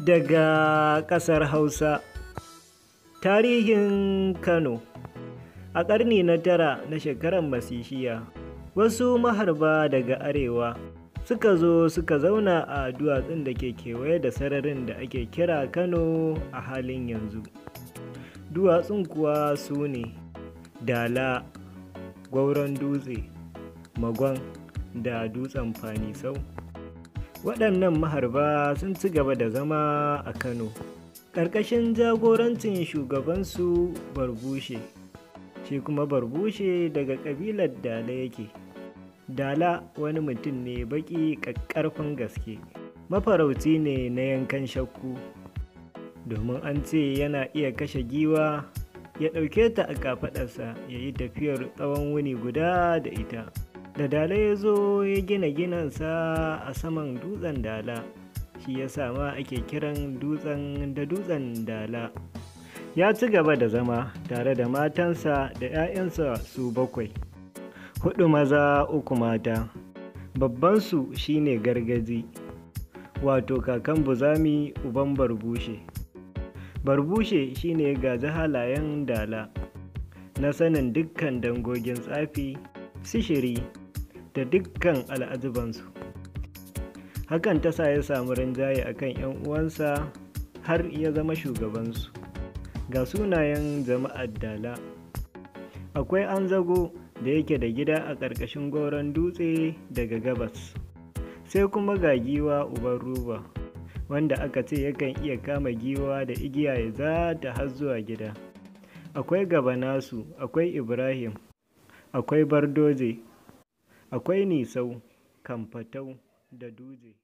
daga ƙasar Hausa. Tarihin Kano A ƙarni na tara na shekarar Masishiya, wasu maharba daga Arewa suka zo suka zauna a duwatsun da ke kewaye da sararin da ake kira Kano a halin yanzu. Duwatsun kuwa su ne Dala, Gwauron Dutse, Magon da Dutsen Fanisau. waɗannan maharba sun ci gaba da zama a kano ƙarƙashin jagorancin shugabansu barbushe shi kuma barbushe daga ƙabilar dala yake dala wani mutum ne baƙi ƙaƙƙarfin gaske mafarauci ne na yankan shakku domin an ce yana iya kashe giwa ya ɗauke ta a kafaɗarsa ya yi tafiyar tsawon wuni guda da ita da dala ya zo ya gina sa a saman dutsen dala shi ya sama ake kiran dutsen da dutsen dala ya ci gaba da zama tare da matansa da 'ya'yansa su bakwai hudu maza uku mata babbansu shine gargaji wato kakan buzami uban barbushe barbushe shine gaji halayen dala na sanin dukkan dangogin tsafi sishiri da dukkan al'ajibansu hakan ta sa ya samu rinjaye a kan 'yan uwansa har ya zama shugabansu ga sunayen jama'ar dala akwai an zago da yake da gida a ƙarƙashin goron dutse daga gabas sai kuma ga giwa uban ruba wanda aka ce yakan iya kama giwa da igiya ya za ta har zuwa gida akwai gaba nasu akwai ibrahim akwai bardoje Akwai Nisau, Kamfatau da Dutse.